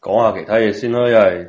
講下其他嘢先啦，因為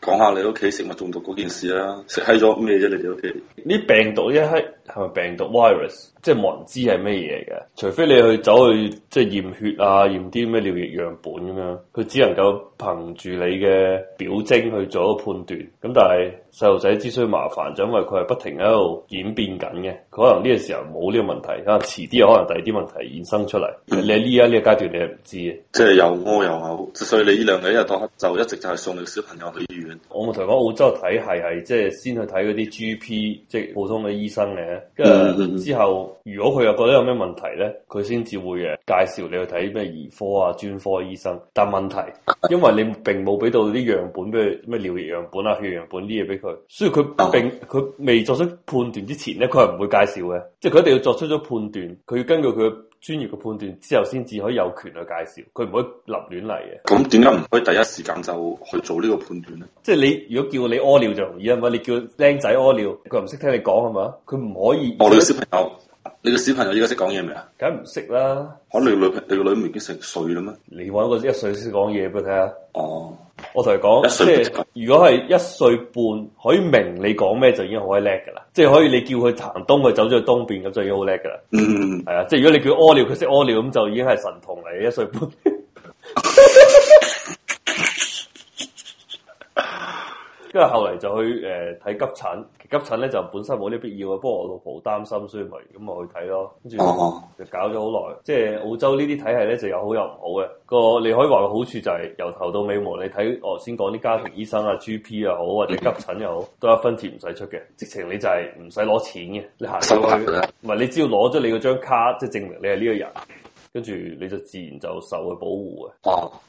講下你屋企食物中毒嗰件事啦，食閪咗咩啫？你哋屋企啲病毒一閪。係咪病毒 virus？即係冇人知係咩嘢嘅，除非你去走去即係驗血啊、驗啲咩尿液樣本咁樣，佢只能夠憑住你嘅表徵去做一個判斷。咁但係細路仔之所以麻煩就因為佢係不停喺度演變緊嘅，佢可能呢個時候冇呢個問題啊，遲啲可能第二啲問題衍生出嚟。嗯、你呢家呢個階段你係唔知嘅，即係又屙又嘔，所以你呢兩日一日當刻就一直就係送你小朋友去醫院。我冇同你講澳洲體系係即係先去睇嗰啲 GP，即係普通嘅醫生嘅。跟住更之後，如果佢又覺得有咩問題咧，佢先至會誒介紹你去睇咩兒科啊、專科醫生。但問題，因為你並冇俾到啲樣本俾佢，咩尿液樣本啊、血樣本啲嘢俾佢，所以佢並佢、哦、未作出判斷之前咧，佢係唔會介紹嘅。即係佢一定要作出咗判斷，佢要根據佢專業嘅判斷之後，先至可以有權去介紹。佢唔可以立亂嚟嘅。咁點解唔可以第一時間就去做呢個判斷咧？即係你如果叫你屙尿就容易係咪？你叫僆仔屙尿，佢唔識聽你講係嘛？佢唔可以。屙尿小朋友。你個小朋友依家識講嘢未啊？梗係唔識啦。可能你女，你個女唔已經成歲啦咩？你搵個一歲先講嘢俾佢睇下。哦，我同你講，即係如果係一歲半可以明你講咩就已經好叻噶啦。即係可以你叫佢行東，佢走咗去東邊咁就已經好叻噶啦。嗯係、嗯嗯、啊，即係如果你叫佢屙尿佢識屙尿咁就已經係神童嚟，一歲半。 跟住後嚟就去誒睇、呃、急診，急診咧就本身冇啲必要啊，不過我老婆擔心，所以咪咁咪去睇咯。跟住就搞咗好耐，即係澳洲呢啲體系咧就有好有唔好嘅。那個你可以話個好處就係由頭到尾，無論你睇我先講啲家庭醫生啊、GP 又好或者急診又好，都一分錢唔使出嘅，直情你就係唔使攞錢嘅。你行去，唔係你只要攞咗你嗰張卡，即係證明你係呢個人。跟住你就自然就受佢保護嘅，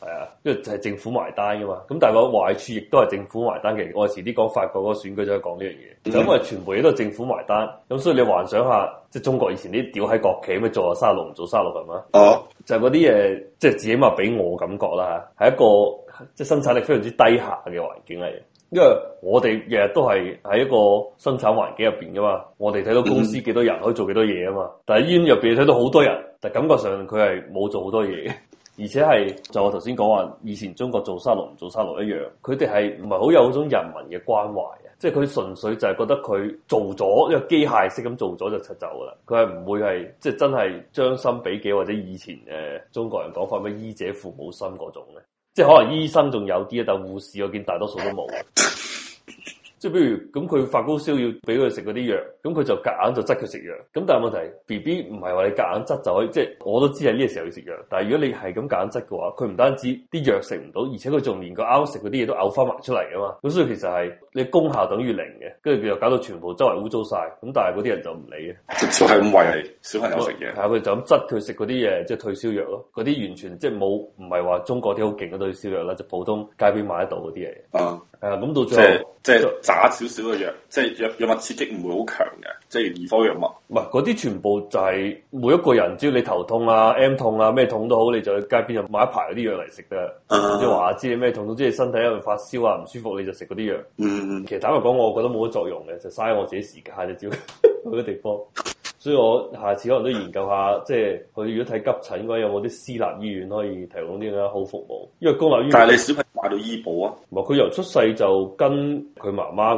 係啊，因為就係政府埋單噶嘛。咁但係個壞處亦都係政府埋單嘅。我遲啲講法國嗰個選舉就係講呢樣嘢，嗯、就因為傳媒都係政府埋單。咁所以你幻想下，即係中國以前啲屌喺國企，咪做又三十六唔做三十六係咪？哦，就係嗰啲嘢，即係自己話俾我感覺啦，係一個即係生產力非常之低下嘅環境嚟。因為我哋日日都係喺一個生產環境入邊噶嘛，我哋睇到公司幾多人可以做幾多嘢啊嘛。但係醫院入邊睇到好多人，但感覺上佢係冇做好多嘢，而且係就我頭先講話，以前中國做沙龍唔做沙龍一樣，佢哋係唔係好有嗰種人民嘅關懷啊？即係佢純粹就係覺得佢做咗，因為機械式咁做咗就出走噶啦。佢係唔會係即係真係將心比己，或者以前誒中國人講法咩醫者父母心嗰種咧。即係可能醫生仲有啲啊，但係護士我見大多數都冇。即係譬如咁，佢發高燒要俾佢食嗰啲藥，咁佢就夾硬，硬就擠佢食藥。咁但係問題，B B 唔係話你夾硬擠就可以，即、就、係、是、我都知係呢個時候要食藥。但係如果你係咁夾硬擠嘅話，佢唔單止啲藥食唔到，而且佢仲連個 Out 食嗰啲嘢都嘔翻埋出嚟㗎嘛。咁所以其實係你功效等於零嘅，跟住佢又搞到全部周圍污糟晒。咁但係嗰啲人就唔理嘅，就係咁餵你小朋友食嘢，係佢就咁擠佢食嗰啲嘢，即、就、係、是、退燒藥咯。嗰啲完全即係冇，唔係話中國啲好勁嘅退燒藥啦，就是、普通街邊買得到嗰啲嘢。Uh, 啊，係、嗯、啊，咁到最後即係。即打少少嘅藥，即係藥藥物刺激唔會好強嘅，即係兒科藥物。唔係嗰啲全部就係每一個人，只要你頭痛啊、M 痛啊、咩痛都好，你就去街邊就買一排嗰啲藥嚟食嘅。啊、即係話知你咩痛，即係身體有發燒啊、唔舒服，你就食嗰啲藥。嗯、其實坦白講，我覺得冇乜作用嘅，就嘥我自己時間就照嗰啲地方。 所以我下次可能都研究下，即係佢如果睇急診，應該有冇啲私立醫院可以提供啲咁好服務。因為公立醫院，但係你小朋友買到醫保啊，唔係佢由出世就跟佢媽媽嗰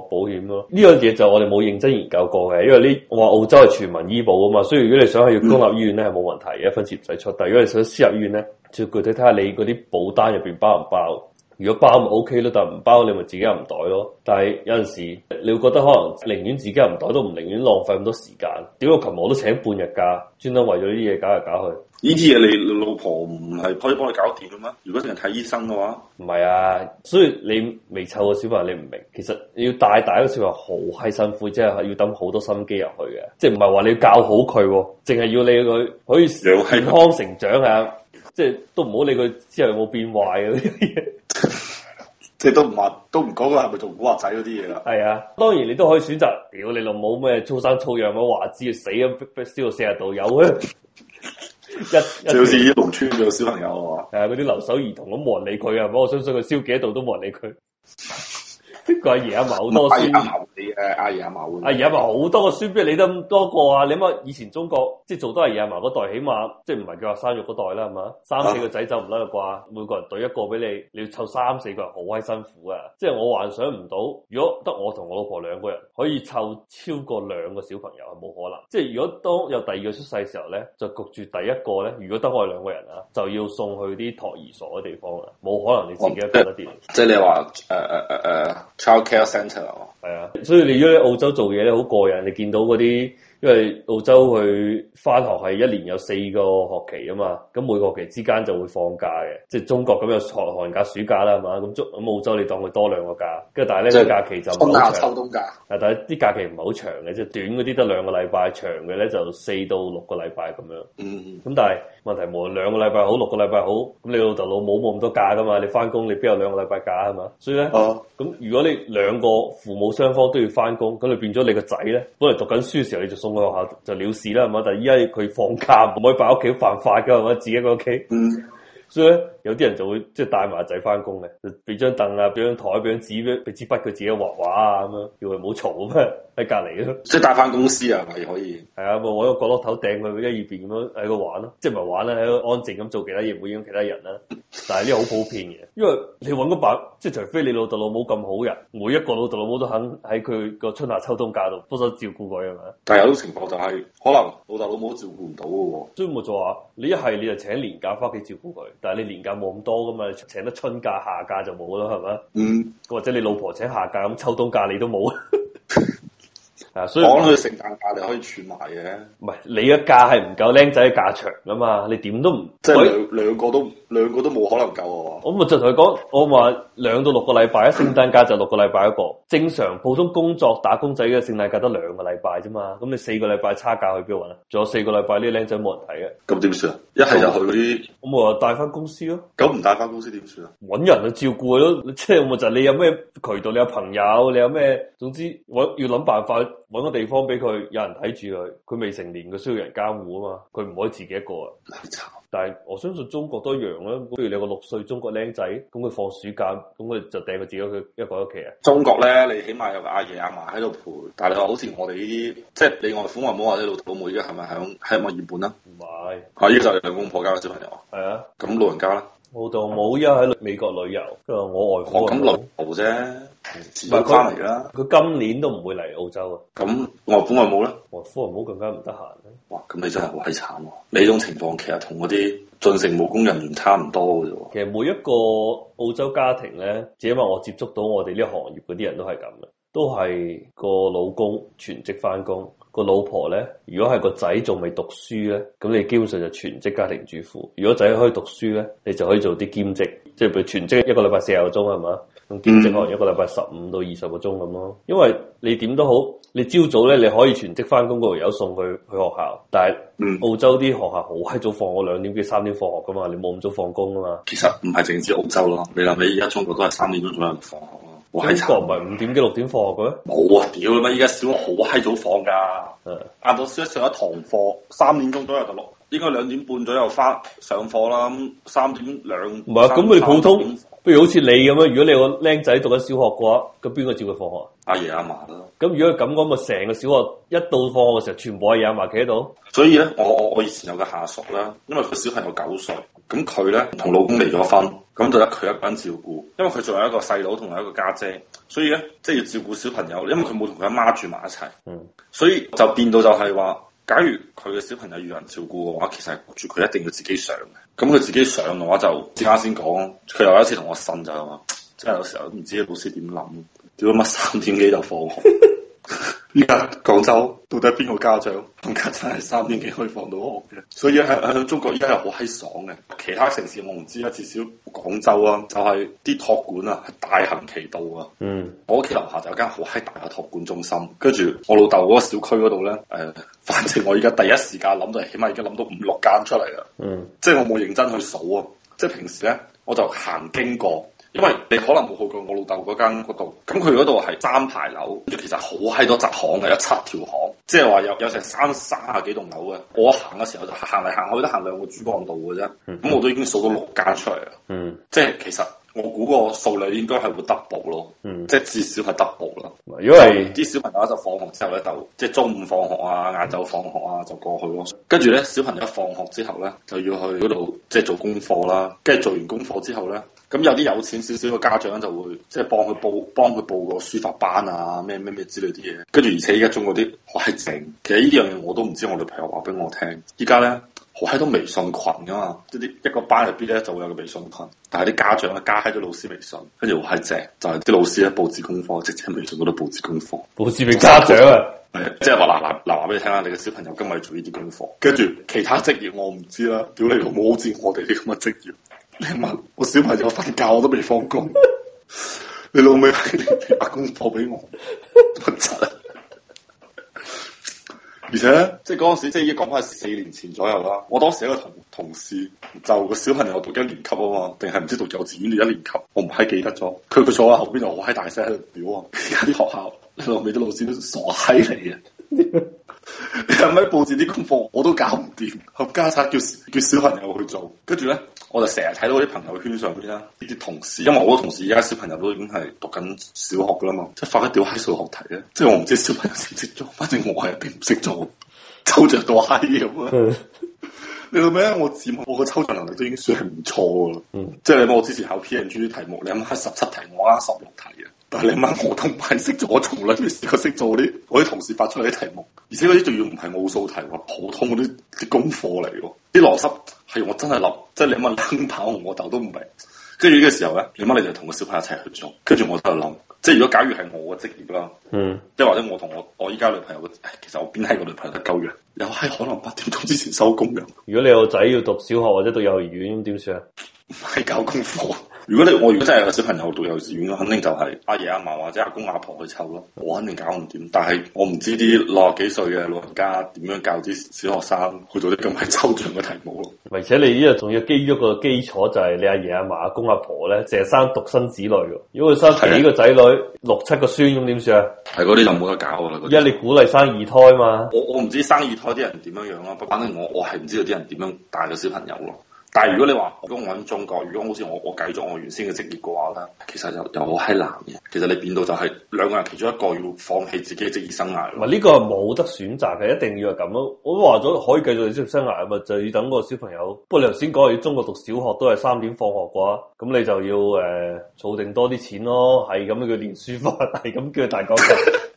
個保險咯。呢樣嘢就我哋冇認真研究過嘅，因為呢我話澳洲係全民醫保啊嘛，所以如果你想去公立醫院咧，係冇問題嘅，一分錢唔使出。但如果你想私立醫院咧，就具體睇下你嗰啲保單入邊包唔包。如果包咪 OK 咯，但係唔包你咪自己又唔袋咯。但係有陣時你會覺得可能寧願自己又唔袋，都唔寧願浪費咁多時間。屌我琴日，我都請半日假，專登為咗呢啲嘢，搞嚟搞去。呢啲嘢你老婆唔係可以幫你搞掂嘅咩？如果淨係睇醫生嘅話，唔係啊。所以你未湊過小朋友你唔明，其實要你要帶大個小朋友好閪辛苦，即係要等好多心機入去嘅。即係唔係話你要教好佢，淨係要你佢可以健康成長啊。 即係都唔好理佢之後有冇變壞啊啲嘢，即 係 都唔話，都唔講佢係咪做古惑仔嗰啲嘢啦。係啊，當然你都可以選擇，屌你老母咩粗生粗養嘅話知死咁燒到四十度有啊， 一就好似啲農村嘅小朋友係嘛，嗰啲、 啊、留守兒童咁冇人理佢啊，不過 我相信佢燒幾多度都冇人理佢。個阿爺阿嫲好多孫，阿爺阿嫲你誒，阿爺阿嫲，阿爺阿嫲好多個孫，邊有你咁多個啊？你諗以前中國即係做多阿爺阿嫲嗰代，起碼即係唔係計劃生育嗰代啦，係嘛？三四個仔就唔甩嘅啩，每個人懟一個俾你，你要湊三四個人好閪辛苦啊！即係我幻想唔到，如果得我同我老婆兩個人可以湊超過兩個小朋友，啊，冇可能。即係如果當有第二個出世嘅時候咧，就焗住第一個咧。如果得我哋兩個人啊，就要送去啲托兒所嘅地方啊，冇可能你自己一個人掂。即係你話誒誒誒誒。啊啊 childcare centre 啊，係啊，所以你如果喺澳洲做嘢咧，好過癮，你見到嗰啲。因為澳洲佢翻學係一年有四個學期啊嘛，咁每個學期之間就會放假嘅，即係中國咁有寒寒假,假、暑假啦嘛，咁中咁澳洲你當佢多兩個假，跟住但係咧啲假期就放假、秋冬假，但係啲假期唔係好長嘅，即係短嗰啲得兩個禮拜，長嘅咧就四到六個禮拜咁樣。嗯咁、嗯、但係問題無論兩個禮拜好，六個禮拜好，咁你老豆老母冇咁多假噶嘛，你翻工你邊有兩個禮拜假係嘛？所以咧，哦、嗯，咁如果你兩個父母雙方都要翻工，咁你變咗你個仔咧，本來讀緊書時候你就學校就了事啦，係嘛？但係依家佢放假，唔可以翻屋企犯法噶，係嘛？自己一個屋企， 所以。有啲人就會即係帶埋仔翻工嘅，就俾張凳啊，俾張台，俾張紙，俾支筆，佢自己畫畫啊咁樣，叫佢唔好嘈咁樣喺隔離咯。即係帶翻公司啊，係可以。係啊，我喺個角落頭掟佢一二邊咁樣喺度玩咯，即係唔玩咧？喺度安靜咁做其他嘢，唔會影響其他人啦。但係呢個好普遍嘅，因為你揾個白，即係除非你老豆老母咁好人，每一個老豆老母都肯喺佢個春夏秋冬假度幫手照顧佢係咪？但係有種情況就係可能老豆老母照顧唔到喎。所以我就話，你一係你就請年假翻屋企照顧佢，但係你年假。有冇咁多噶嘛？請得春假、夏假就冇啦，係咪？嗯，mm. 或者你老婆請夏假，咁秋冬假你都冇。 所以講佢聖誕假你可以儲埋嘅，唔係你嘅假係唔夠僆仔嘅假長噶嘛？你點都唔即係兩、哎、兩個都兩個都冇可能夠啊。我咪就同佢講，我話兩到六個禮拜啊，聖誕假就六個禮拜一個， 正常普通工作打工仔嘅聖誕假得兩個禮拜啫嘛。咁你四個禮拜差價去邊度揾啊？仲有四個禮拜啲僆仔冇人睇嘅，咁點算，算啊？一係就去啲，咁我帶翻公司咯。咁唔帶翻公司點算啊？搵人去照顧咯，即係咪就是、你有咩渠道？你有朋友？你有咩？總之我要諗辦法。搵個地方俾佢，有人睇住佢，佢未成年，佢需要人監護啊嘛，佢唔可以自己一個啊。 但係我相信中國都一樣啦。比如你個六歲中國僆仔，咁佢放暑假，咁佢就掟佢自己去一個屋企啊。中國咧，你起碼有個阿爺阿嫲喺度陪。但係好似我哋呢啲，即係你外父外母或者老豆老母，依家係咪響喺墨爾本是啊？唔係。啊，呢個就係兩公婆交嘅小朋友。係啊。咁老人家咧？我老母冇，依家喺美國旅遊。佢話我外父。我咁老老啫。唔係，佢翻嚟啦，佢今年都唔會嚟澳洲啊。咁、嗯、我本外母咧？外公外母更加唔得閒咧。哇！咁你真係好鬼慘喎！你種情況其實同我啲進城務工人員差唔多嘅啫。其實每一個澳洲家庭咧，只因為我接觸到我哋呢個行業嗰啲人都係咁嘅，都係個老公全職翻工，個老婆咧，如果係個仔仲未讀書咧，咁你基本上就全職家庭主婦。如果仔可以讀書咧，你就可以做啲兼職，即係譬如全職一個禮拜四十個鐘，係嘛？兼職可能一個禮拜十五到二十個鐘咁咯，因為你點都好，你朝早咧你可以全職翻工，佢有送佢去學校。但係、嗯、澳洲啲學校好閪早放，我兩點幾三點放學噶嘛，你冇咁早放工啊嘛。其實唔係淨止澳洲咯，你諗你而家中國都係三點鐘左右放學啊，哇！呢個唔係五點幾六點放學嘅咩？冇啊！屌你媽，依家小學好閪早放㗎。誒的，晏到、啊、上一堂課三點鐘左右就落，6, 應該兩點半左右翻上課啦。咁三點兩唔係啊？咁佢 3, 普通。不如好似你咁樣，如果你個僆仔讀緊小學嘅話，咁邊個照佢放學？阿爺阿嫲咯。咁如果咁講，咪成個小學一到放學嘅時候，全部喺阿爺阿嫲企喺度。所以咧，我我我以前有個下屬啦，因為佢小朋友九歲，咁佢咧同老公離咗婚，咁、嗯、就得佢一個人照顧。因為佢仲有一個細佬，同埋一個家姐、姐，所以咧即係要照顧小朋友，因為佢冇同佢阿媽住埋一齊。嗯。所以就變到就係話。假如佢嘅小朋友要人照顧嘅話，其實係焗住佢一定要自己上嘅。咁佢自己上嘅話就，就即刻先講，佢又有一次同我呻就係話，即係有時候唔知老師點諗，點解乜三點幾就放？依家 廣州到底邊個家長？而家真係三點幾可以放到屋嘅，所以喺中國而家係好閪爽嘅。其他城市我唔知啦，至少廣州啊，就係、是、啲托管啊，大行其道啊。嗯，我屋企樓下就有間好閪大嘅托管中心，跟住，我老豆嗰個小區嗰度咧，誒、呃，反正我而家第一時間諗到，起碼已經諗到五六間出嚟啦。嗯，即係我冇認真去數啊，即係平時咧，我就行經過。因為你可能冇去過我老豆嗰間嗰度，咁佢嗰度係三排樓，其實好閪多窄巷嘅，就是，有七條巷，即係話有有成三三十幾棟樓嘅。我行嘅時候就行嚟行去，都行兩個主幹道嘅啫，咁我都已經數到六間出嚟啦。嗯，即係其實。我估個數量應該係會 double 咯，嗯、即係至少係 double 啦。因為啲小朋友就放學之後咧就，即係中午放學啊、晏晝、嗯、放學啊就過去咯。跟住咧，小朋友一放學之後咧就要去嗰度即係做功課啦。跟住做完功課之後咧，咁有啲有錢少少嘅家長就會即係幫佢報，幫佢報個書法班啊，咩咩咩之類啲嘢。跟住而且依家中國啲好係正，其實呢啲樣嘢我都唔知，我女朋友話俾我聽。依家咧。我喺度微信群噶嘛，即啲一個班入邊咧就會有個微信群，但係啲家長咧加喺咗老師微信，跟住我係正，就係、是、啲老師咧布置功課，直接喺微信嗰度布置功課，布置俾家長啊，係即係話嗱嗱嗱話俾你聽下，你嘅小朋友今日做呢啲功課，跟住其他職業我唔知啦，屌你老母好似我哋啲咁嘅職業，你問我小朋友瞓覺我都未放工， 你老味你發功課俾我， 而且即係嗰陣時，即係已經講翻係四年前左右啦。我當時一個同同事就個小朋友讀一年級啊嘛，定係唔知讀幼稚園定一年級，我唔係記得咗。佢佢坐喺後邊就我喺大聲喺度屌啊！而家啲學校你老味啲老師都傻閪嚟啊！ 你係咪布置啲功課我都搞唔掂，冚家鏟叫叫小朋友去做，跟住咧我就成日睇到啲朋友圈上邊啦，呢啲同事，因為我啲同事而家小朋友都已經係讀緊小學噶啦嘛，即係發一屌閪數學題咧，即係我唔知小朋友識唔識做，反正我係一定唔識做，粗着到閪咁啊。你諗咩？我自我個抽象能力都已經算唔錯咯。嗯，即係你諗我之前考 PNG 啲題目，你諗下十七題，我啱十六題嘅。但係你諗我都係識咗，我從來都未試過識做啲，我啲同事發出嚟啲題目，而且嗰啲仲要唔係奧數題，話普通嗰啲啲功課嚟嘅，啲邏輯係我真係諗，即係你諗，跑我頭都唔明。跟住嘅時候咧，點解你就同個小朋友一齊去做。跟住我就諗，即係如果假如係我嘅職業啦，嗯、即係或者我同我我依家女朋友、哎、其實我邊係個女朋友都夠樣？又係可能八點鐘之前收工嘅。如果你有仔要讀小學或者讀幼兒園，點算啊？唔係搞功課。如果你我如果真係有個小朋友讀幼兒園，肯定就係阿爺阿嫲或者阿公阿婆去湊咯。我肯定搞唔掂。但係我唔知啲六十幾歲嘅老人家點樣教啲小學生去做啲咁鬼抽象嘅題目咯。而且你呢度仲要基於一個基礎就係、是、你阿爺阿嫲阿公阿婆咧淨係生獨生子女，如果佢生幾個仔女的六七個孫咁點算啊？係嗰啲就冇得搞啦。而家你鼓勵生二胎嘛？我我唔知生二胎啲人點樣樣咯，反正我我係唔知道啲人點樣帶個小朋友咯。但係如果你話，如果我喺中國，如果好似我我繼續我原先嘅職業嘅話咧，其實就又好艱難嘅。其實你變到就係兩個人其中一個要放棄自己嘅職業生涯。唔係呢個係冇得選擇嘅，一定要係咁咯。我都話咗可以繼續你職業生涯，咁啊就是，要等個小朋友。不過你頭先講喺中國讀小學都係三點放學嘅話，咁你就要誒儲、呃、定多啲錢咯。係咁叫練書法，翻係咁叫大講。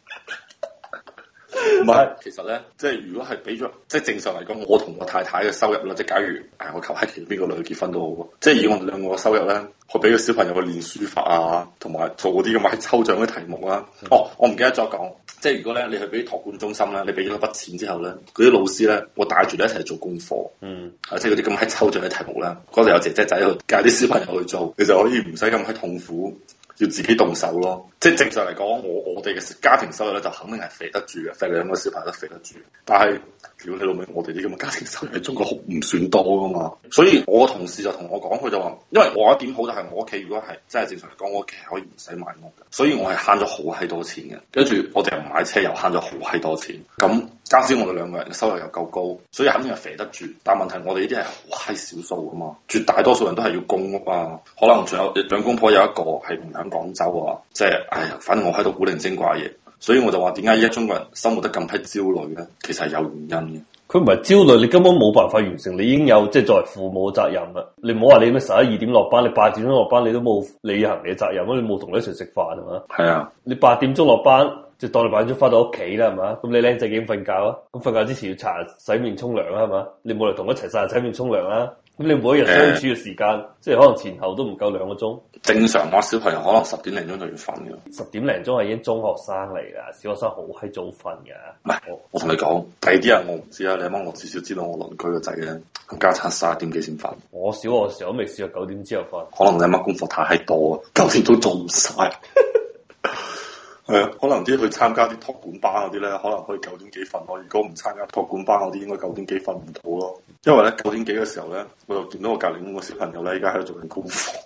唔係，其實咧，即係如果係俾咗，即係正常嚟講，我同我太太嘅收入啦，即係假如誒、哎，我求其同邊個女去結婚都好、嗯、即係以我哋兩個嘅收入咧，去俾個小朋友去練書法啊，同埋做嗰啲咁嘅抽獎嘅題目啦、啊。嗯、哦，我唔記得再講，即係如果咧，你去俾託管中心咧，你俾咗筆錢之後咧，嗰啲老師咧，我帶住你一齊做功課，嗯，啊，即係嗰啲咁嘅抽獎嘅題目啦，嗰度有姐姐仔去教啲小朋友去做，你就可以唔使咁喺痛苦。要自己動手咯，即係正常嚟講，我我哋嘅家庭收入咧就肯定係肥得住嘅，肥兩個小朋友都肥得住。但係，屌你老味，我哋啲咁嘅家庭收入喺中國好唔算多㗎嘛。所以，我同事就同我講，佢就話，因為我一點好就係我屋企，如果係真係正常嚟講，我屋企可以唔使買屋嘅。所以我係慳咗好閪多錢嘅，跟住我哋又唔買車又慳咗好閪多錢。咁加上我哋兩個人嘅收入又夠高，所以肯定係肥得住。但係問題我哋呢啲係好少數啊嘛，絕大多數人都係要供屋啊。可能仲有，嗯，兩公婆有一個係唔響廣州啊，即、就、係、是、哎呀，反正我喺度古靈精怪嘢，所以我就話點解而家中國人生活得咁批焦慮咧？其實係有原因嘅。佢唔係焦慮，你根本冇辦法完成你已經有即係、就是、作為父母嘅責任啦。你唔好話你咩十一二點落班，你八點鐘落班你都冇履行你嘅責任，咁你冇同你一齊食飯係嘛？係啊，你八點鐘落班。就當你八點鐘翻到屋企啦，係嘛？咁你靚仔幾點瞓覺啊？咁瞓覺之前要搽洗面洗、沖涼啦，係嘛？你冇嚟同我一齊洗面洗、沖涼啦？咁你每一日相處嘅時間，呃、即係可能前後都唔夠兩個鐘。正常我、啊、小朋友可能十點零鐘就要瞓嘅。十點零鐘係已經中學生嚟啦，小學生不好閪早瞓嘅。唔係，我同你講，第二啲人我唔知啊。你阿媽，我至少知道我鄰居個仔咧，佢家產三點幾先瞓。我小學嘅時候都未試過九點之後瞓。可能你阿媽功課太多啊，九點都做唔晒。係啊，可能啲去參加啲托管班嗰啲咧，可能可以九點幾瞓咯啊。如果唔參加托管班嗰啲，應該九點幾瞓唔到咯。因為咧，九點幾嘅時候咧，我就見到我隔離嗰個小朋友咧，而家喺度做緊功課。